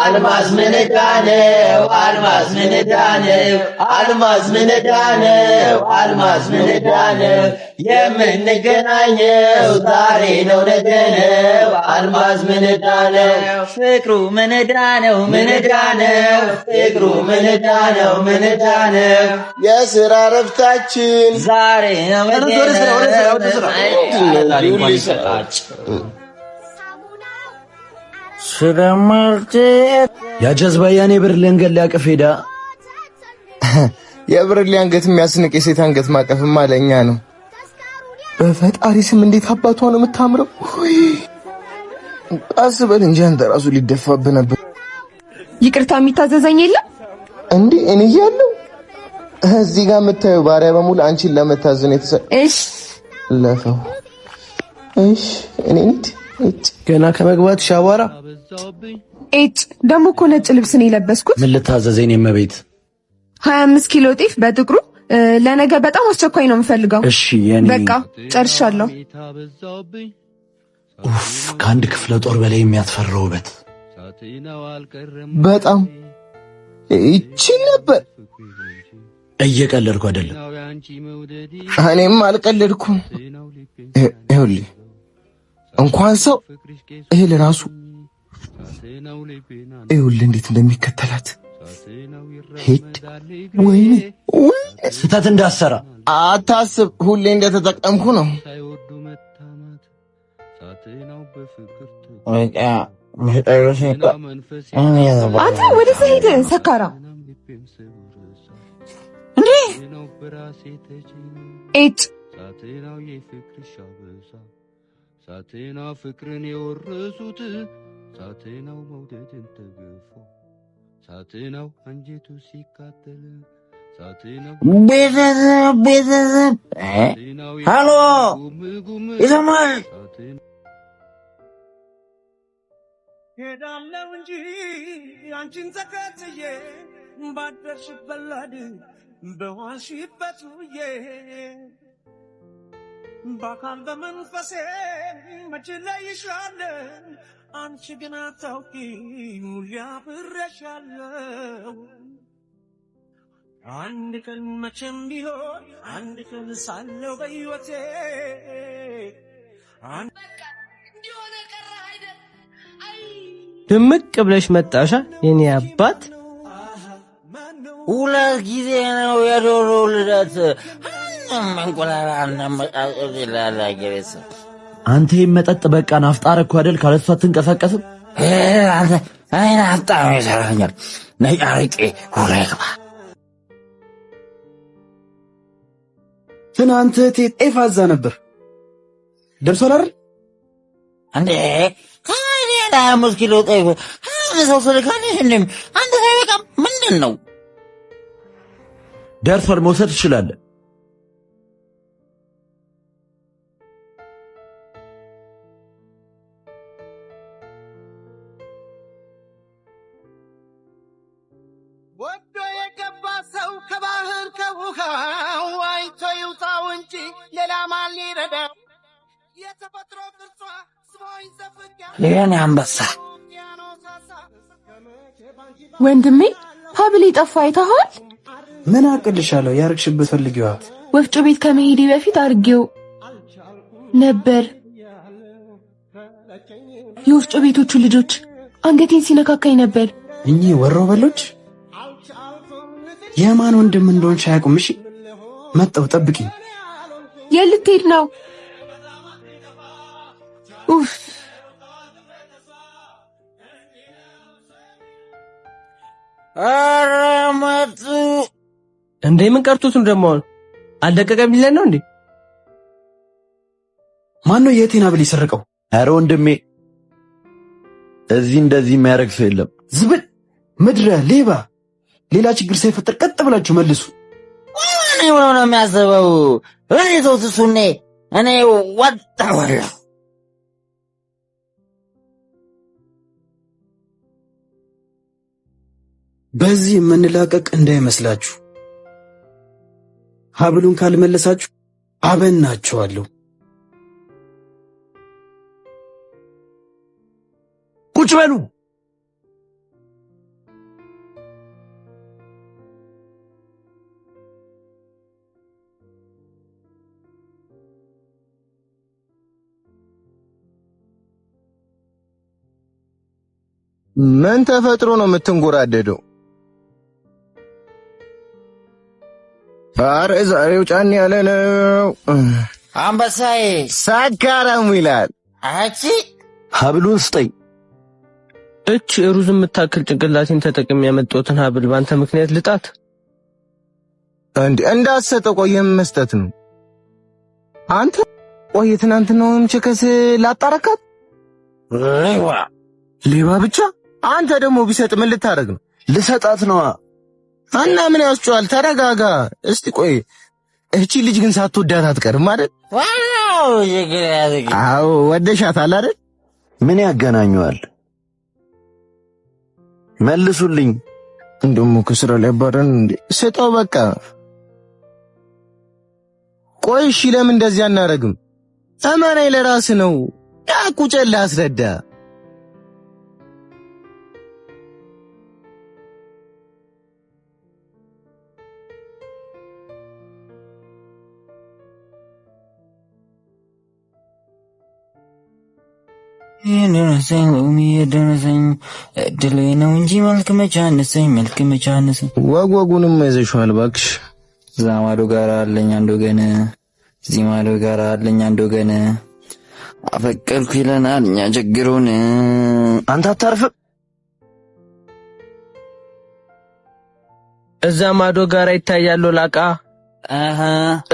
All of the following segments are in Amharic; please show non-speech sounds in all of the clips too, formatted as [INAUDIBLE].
አልማዝ ምንዳነው አልማዝ ምንዳነው አልማዝ ምንዳነው አልማዝ ነው የምንገናኘው ዛሬ ነው ነገነው አልማዝ ምንዳነው ፍቅሩ ምንዳነው ምንዳነው ፍቅሩ ምንዳነው ምንዳነው የስራ ረፍታችን ዛሬ ነው ነገነው ስለማልች ያጀዝባ ያኔ ብርሌ ገል ሊያቅፍ ሄዳ [LAUGHS] የብርሌ አንገት የሚያስንቅ የሴት አንገት ማቀፍማ ለእኛ ነው። በፈጣሪ ስም እንዴት አባቷ ነው የምታምረው! አስበል እንጂ አንተ ራሱ ሊደፋብ ነበር። ይቅርታ የሚታዘዘኝ የለም እንዴ? እኔ እያለሁ እዚህ ጋር የምታየው ባሪያ በሙሉ አንቺን ለመታዘን የተሰ እሺ፣ ለፈው እሺ፣ እኔ እንዴ ገና ከመግባት ሻዋራ ኤጭ ደግሞ እኮ ነጭ ልብስ ነው የለበስኩት። ምን ልታዘዘኝ የመቤት? ሀያ አምስት ኪሎ ጤፍ በጥቁሩ ለነገ በጣም አስቸኳይ ነው የምፈልገው። እሺ የኔ በቃ ጨርሻለሁ። ኡፍ ከአንድ ክፍለ ጦር በላይ የሚያስፈራ ውበት። በጣም ይቺ ነበር። እየቀለድኩ አይደለም። እኔም አልቀለድኩም። ይኸውልህ እንኳን ሰው ይሄ ለራሱ ይኸውልህ እንዴት እንደሚከተላት ሄድ። ወይ ስህተት እንዳሰራ አታስብ። ሁሌ እንደተጠቀምኩ ነው። አንተ ወደ ሄድ ሰካራ እንዴ ኤጭ ሳቴና ፍቅርን የወረሱት ሳቴናው መውደድን ተገፎ ሳቴናው አንጀቱ ሲካተል ቤተሰብ ቤተሰብ ሀሎ ይሰማል። ሄዳለሁ እንጂ አንቺን ተከትዬ ባደርሽበላድ በዋልሽበት ውዬ በአካል በመንፈሴ መቼ ለይሻለሁ፣ አንቺ ግን አታውቂም ሊያፍረሻለሁ። አንድ ቀን መቼም ቢሆን አንድ ቀን ሳለው በሕይወቴ ድምቅ ብለሽ መጣሻ የኔ አባት። ሁለት ጊዜ ነው የዶሮ ልደት አንተ መጠጥ በቃ ናፍጣር እኮ አይደል? ካለሷ አትንቀሳቀስም። ናፍጣር ይሰራኛል። ነጫርቄ ሁላ ይግባ። ትናንት እህቴ ጤፍ አዛ ነበር። ደርሷል አይደል? አንዴ ከኔ አምስት ኪሎ ጤፍ ሰው ስልካን ይህንም አንድ ምንድን ነው ደርሷል፣ መውሰድ ትችላለህ። ሌላ ማን ይረዳ? የተፈጥሮ ቅርጿ ስሞኝ ዘፍጋ የኔ አንበሳ ወንድሜ ሀብል የጠፋ አይተሃል? ምን አቅልሻለሁ? ያርግሽበት ፈልጊዋት። ወፍጮ ቤት ከመሄዴ በፊት አርጌው ነበር። የወፍጮ ቤቶቹ ልጆች አንገቴን ሲነካካኝ ነበር። እኚህ ወሮ በሎች የማን ወንድም እንደሆንሽ አያውቁም። እሺ መጣሁ፣ ጠብቂኝ። የት ልትሄድ ነው? ኡፍ ኧረ መጡ እንዴ! ምን ቀርቶት ነው ደግሞ? አልደቀቀም ይለን ነው እንዴ? ማን ነው የቴና ብል ይሰርቀው? ኧረ ወንድሜ እዚህ እንደዚህ የሚያደርግ ሰው የለም። ዝብል ምድረ ሌባ! ሌላ ችግር ሳይፈጠር ቀጥ ብላችሁ መልሱ። ምን ብሎ ነው የሚያስበው? እኔ እሱኔ እኔ ወጣዋለሁ። በዚህ የምንላቀቅ እንዳይመስላችሁ። ሀብሉን ካልመለሳችሁ አበናችኋለሁ። ቁጭ በሉ። ምን ተፈጥሮ ነው የምትንጎራደደው? ኧረ ዛሬው ጫን ያለ ነው። አንበሳዬ ሰካራሙ ይላል። አቺ ሀብሉን ስጠኝ። እች ሩዝ የምታክል ጭንቅላቴን ተጠቅሜ ያመጣሁትን ሀብል ባንተ ምክንያት ልጣት እንዴ? እንዳሰጠ ቆየም መስጠት ነው አንተ። ቆይ ትናንትናውንም ቸከስ ላጣረካት ሌባ ብቻ አንተ ደግሞ ቢሰጥ ምን ልታደርግ ነው? ልሰጣት ነዋ። እና ምን ያስጨዋል? ተረጋጋ እስቲ። ቆይ እቺ ልጅ ግን ሳትወዳት አትቀርም አይደል? አዎ ወደሻታል አይደል? ምን ያገናኘዋል? መልሱልኝ። እንደውም ከስራ ላይ ባረን እንዴ? ስጠው በቃ። ቆይ እሺ፣ ለምን እንደዚህ አናረግም? እመናይ ለራስ ነው ያቁጨላ አስረዳ የደረሰኝ ሎሚ የደረሰኝ እድሌ ነው እንጂ መልክ መቻ መልክ መቻ ዋግ ዋጉንም ይዘሽዋል እዛ ማዶ ጋር አለኝ አንድ ወገን፣ እዚህ ማዶ ጋር አለኝ አንድ ወገን። አፈቀርኩ ይለናል እኛ ችግሩን። አንተ አታርፍም። እዛ ማዶ ጋር ይታያሉ ላቃ፣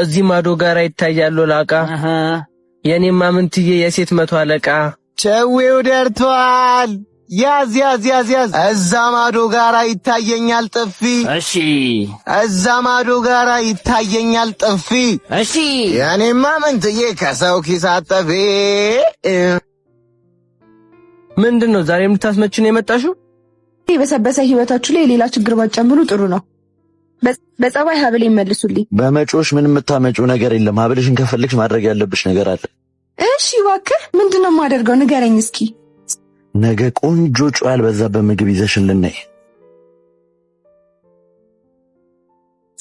እዚህ ማዶ ጋር ይታያሉ ላቃ። የኔ ማምንትዬ የሴት መቶ አለቃ ጨዌው ደርቷል። ያዝ ያዝ ያዝ ያዝ። እዛ ማዶ ጋራ ይታየኛል ጥፊ። እሺ፣ እዛ ማዶ ጋራ ይታየኛል ጥፊ። እሺ፣ ያኔማ ምንትዬ ከሰው ኪስ አጠፊ። ምንድን ነው ዛሬ የምታስመችን የመጣሽው? የበሰበሰ ህይወታችሁ ላይ ሌላ ችግር ባጨምሩ ጥሩ ነው። በጸባይ ሀብሌ መልሱልኝ። በመጮሽ ምን የምታመጪው ነገር የለም። ሀብልሽን ከፈለግሽ ማድረግ ያለብሽ ነገር አለ። እሺ እባክህ፣ ምንድን ነው የማደርገው? ንገረኝ እስኪ። ነገ ቆንጆ ጨው ያልበዛበት ምግብ ይዘሽልን ነይ።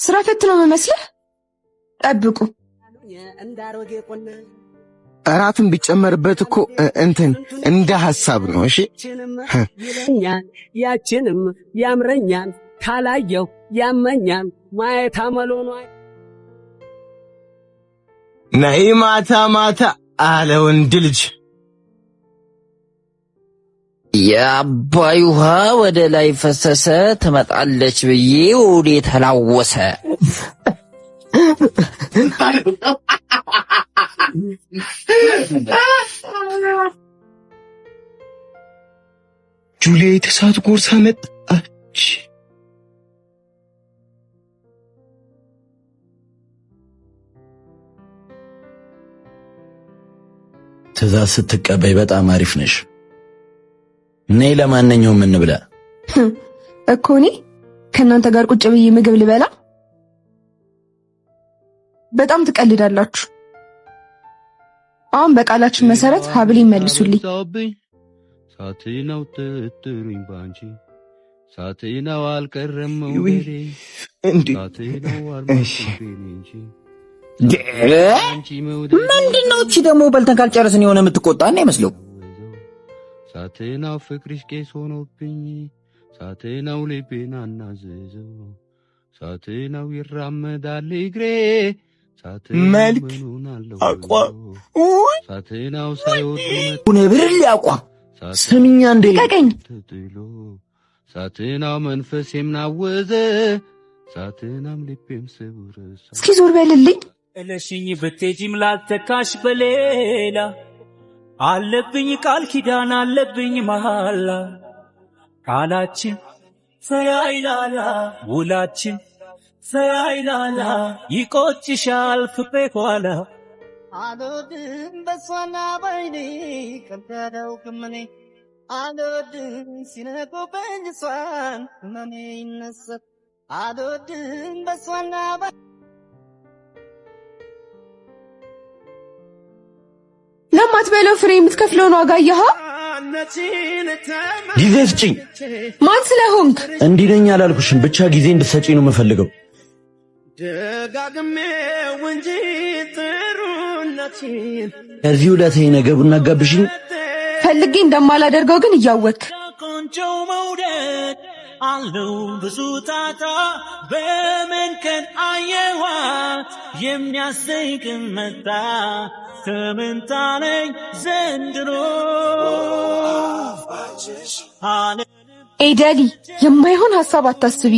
ስራ ፈት ነው የምመስልህ። ጠብቁ። እራቱን ቢጨመርበት እኮ እንትን እንደ ሐሳብ ነው። እሺ ያችንም ያምረኛል፣ ካላየው ያመኛል። ማየት አመሎኗ ናይ ማታ ማታ አለ ወንድ ልጅ። የአባይ ውሃ ወደ ላይ ፈሰሰ፣ ትመጣለች ብዬ ወዴ ተላወሰ። ጁሊያ የተሳት ጎርሳ መጣ። ትእዛዝ ስትቀበይ በጣም አሪፍ ነሽ። እኔ ለማንኛውም እንብላ እኮ እኔ ከእናንተ ጋር ቁጭ ብዬ ምግብ ልበላ? በጣም ትቀልዳላችሁ። አሁን በቃላችን መሰረት ሀብል ይመልሱልኝ። ሳትናው አልቀረም። ምንድን ነው እቺ ደግሞ በልተን ካልጨረስን የሆነ የምትቆጣ ና ይመስለው ሳትናው ፍቅርሽ ቄስ ሆኖብኝ ሳትናው ልቤን አናዘዘው ሳትናው ይራመዳል እግሬ መልክ አቋም ነብር አቋም ስምኛ እንደ ቀቀኝ ሳትናው መንፈስ የምናወዘ ሳትናም ልቤም ስብረሳ እስኪ ዞር በልልኝ እለሽኝ ብቴጂም ላልተካሽ በሌላ አለብኝ ቃል ኪዳን አለብኝ መሃላ ቃላችን ሰያይላላ ውላችን ሰያይላላ ይቆጭሻል ፍቅሬ ኋላ አልወድም በሷና ባይኔ ከብዳለው ክመኔ አልወድም ሲነቁበኝ እሷን መሜ ይነሰት አልወድም በሷና ባይ ለማትበለው ፍሬ የምትከፍለውን ዋጋ አየሃ? ጊዜ ስጪኝ። ማን ስለሆንክ እንዲህ ነኝ አላልኩሽም። ብቻ ጊዜ እንድትሰጪ ነው የምፈልገው። ደጋግሜው እንጂ ጥሩነቴን ከዚህ ውለታዬ ነገ ብናጋብሽኝ ፈልጌ እንደማላደርገው ግን እያወክ አለው ብዙ ጣጣ በመንከን አየዋት የሚያስቅም መጣ ተመንታለኝ ዘንድሮ ኤደሊ የማይሆን ሀሳብ አታስቢ።